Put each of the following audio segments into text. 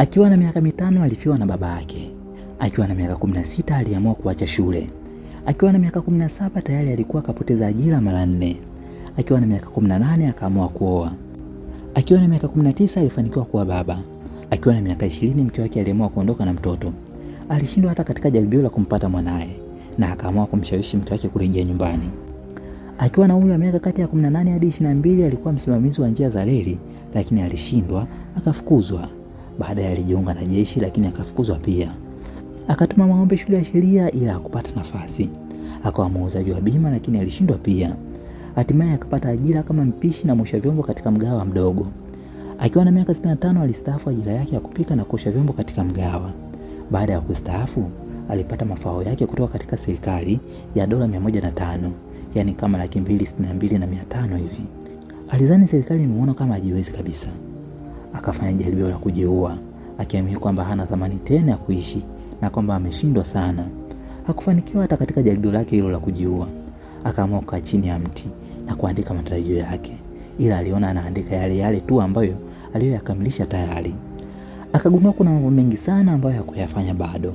Akiwa na miaka mitano alifiwa na baba yake. Akiwa na miaka 16 aliamua kuacha shule. Akiwa na miaka 17 tayari alikuwa akapoteza ajira mara nne. Akiwa na miaka 18 akaamua kuoa. Akiwa na miaka 19 alifanikiwa kuwa baba. Akiwa na miaka 20 mke wake aliamua kuondoka na mtoto. Alishindwa hata katika jaribio la kumpata mwanaye na akaamua kumshawishi mke wake kurejea nyumbani. Akiwa na umri wa miaka kati ya 18 hadi 22 alikuwa msimamizi wa njia za reli, lakini alishindwa akafukuzwa. Baadaye alijiunga na jeshi lakini akafukuzwa pia. Akatuma maombi shule ya sheria ila kupata nafasi. Akawa muuzaji wa bima lakini alishindwa pia. Hatimaye akapata ajira kama mpishi na mosha vyombo katika mgawa mdogo. Akiwa na miaka 65 alistaafu ajira yake ya kupika na kuosha vyombo katika mgawa. Baada ya kustaafu, alipata mafao yake kutoka katika serikali ya dola 105, yani kama laki mbili sitini na mbili na mia tano hivi. Alizani serikali imemuona kama hajiwezi kabisa akafanya jaribio la kujiua akiamini kwamba hana thamani tena ya kuishi na kwamba ameshindwa sana. Hakufanikiwa hata katika jaribio lake hilo la kujiua. Akaamua kukaa chini ya mti na kuandika matarajio yake, ila aliona anaandika yale yale tu ambayo aliyoyakamilisha tayari. Akagundua kuna mambo mengi sana ambayo hakuyafanya bado.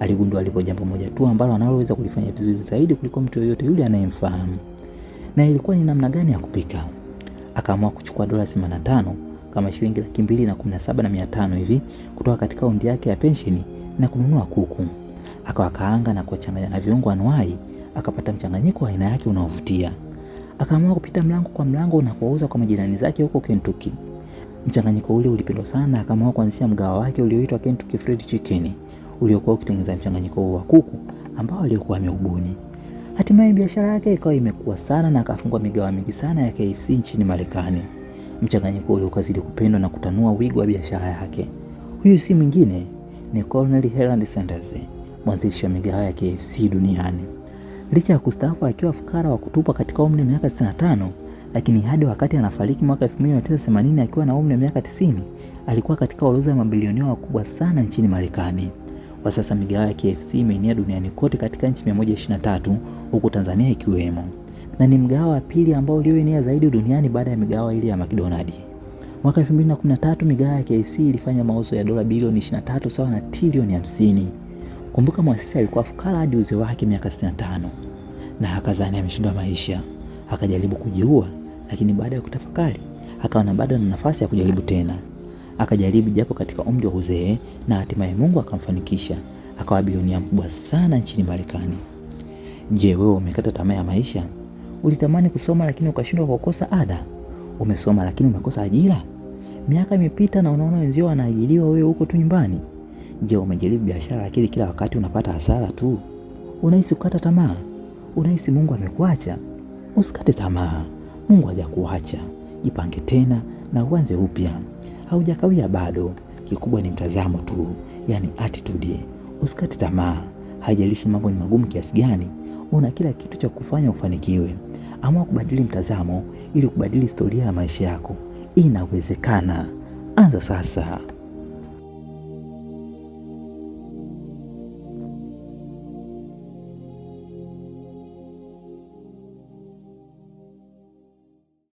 Aligundua lipo jambo moja tu ambalo analoweza kulifanya vizuri zaidi kuliko mtu yoyote yule anayemfahamu, na ilikuwa ni namna gani ya kupika. Akaamua kuchukua dola 85 kama shilingi laki mbili na kumi na saba na mia tano hivi kutoka katika undi yake ya pensheni na kununua kuku akawakaanga na kuwachanganya na viungo anuai, akapata mchanganyiko wa aina yake unaovutia. Akaamua kupita mlango kwa mlango na kuwauza kwa majirani zake huko Kentucky. Mchanganyiko ule ulipendwa sana, akaamua kuanzisha mgawa wake ulioitwa Kentucky Fried Chicken uliokuwa ukitengeneza mchanganyiko huo wa kuku ambao aliokuwa ameubuni. Hatimaye biashara yake ikawa imekuwa sana na akafungua migawa mingi sana ya KFC nchini Marekani mchanganyiko ule ukazidi kupendwa na kutanua wigo wa biashara yake. Huyu si mwingine ni Colonel Herald Sanders, mwanzilishi wa migahawa ya KFC duniani. Licha ya kustaafu akiwa fukara wa kutupa katika umri wa miaka 65, lakini hadi wakati anafariki mwaka 1980 akiwa na umri wa miaka 90, alikuwa katika orodha ya mabilionea wakubwa sana nchini Marekani. Kwa sasa migahawa ya KFC imeenea duniani kote katika nchi 123 huku Tanzania ikiwemo na ni mgahawa wa pili ambao ulioenea zaidi duniani baada ya migahawa ile ya McDonald's. Mwaka 2013 migahawa ya KFC ilifanya mauzo ya dola bilioni 23 sawa na trilioni 50. Kumbuka mwasisi alikuwa fukara hadi uzee wake miaka 65, na akazani ameshindwa maisha, akajaribu kujiua, lakini baada ya kutafakari akaona bado na nafasi ya kujaribu tena. Akajaribu japo katika umri wa uzee, na hatimaye Mungu akamfanikisha akawa bilionia mkubwa sana nchini Marekani. Je, wewe umekata tamaa ya maisha? Ulitamani kusoma lakini ukashindwa kwa kukosa ada. Umesoma lakini umekosa ajira. Miaka imepita na unaona wenzio wanaajiriwa, wewe huko tu nyumbani. Je, umejaribu biashara lakini kila wakati unapata hasara tu? Unahisi kukata tamaa? Unahisi Mungu amekuacha? Usikate tamaa, Mungu hajakuacha. Jipange tena na uanze upya, haujakawia bado. Kikubwa ni mtazamo tu, yani attitude. Usikate tamaa, haijalishi mambo ni magumu kiasi gani una kila kitu cha kufanya ufanikiwe. Amua kubadili mtazamo ili kubadili historia ya maisha yako. Inawezekana, anza sasa.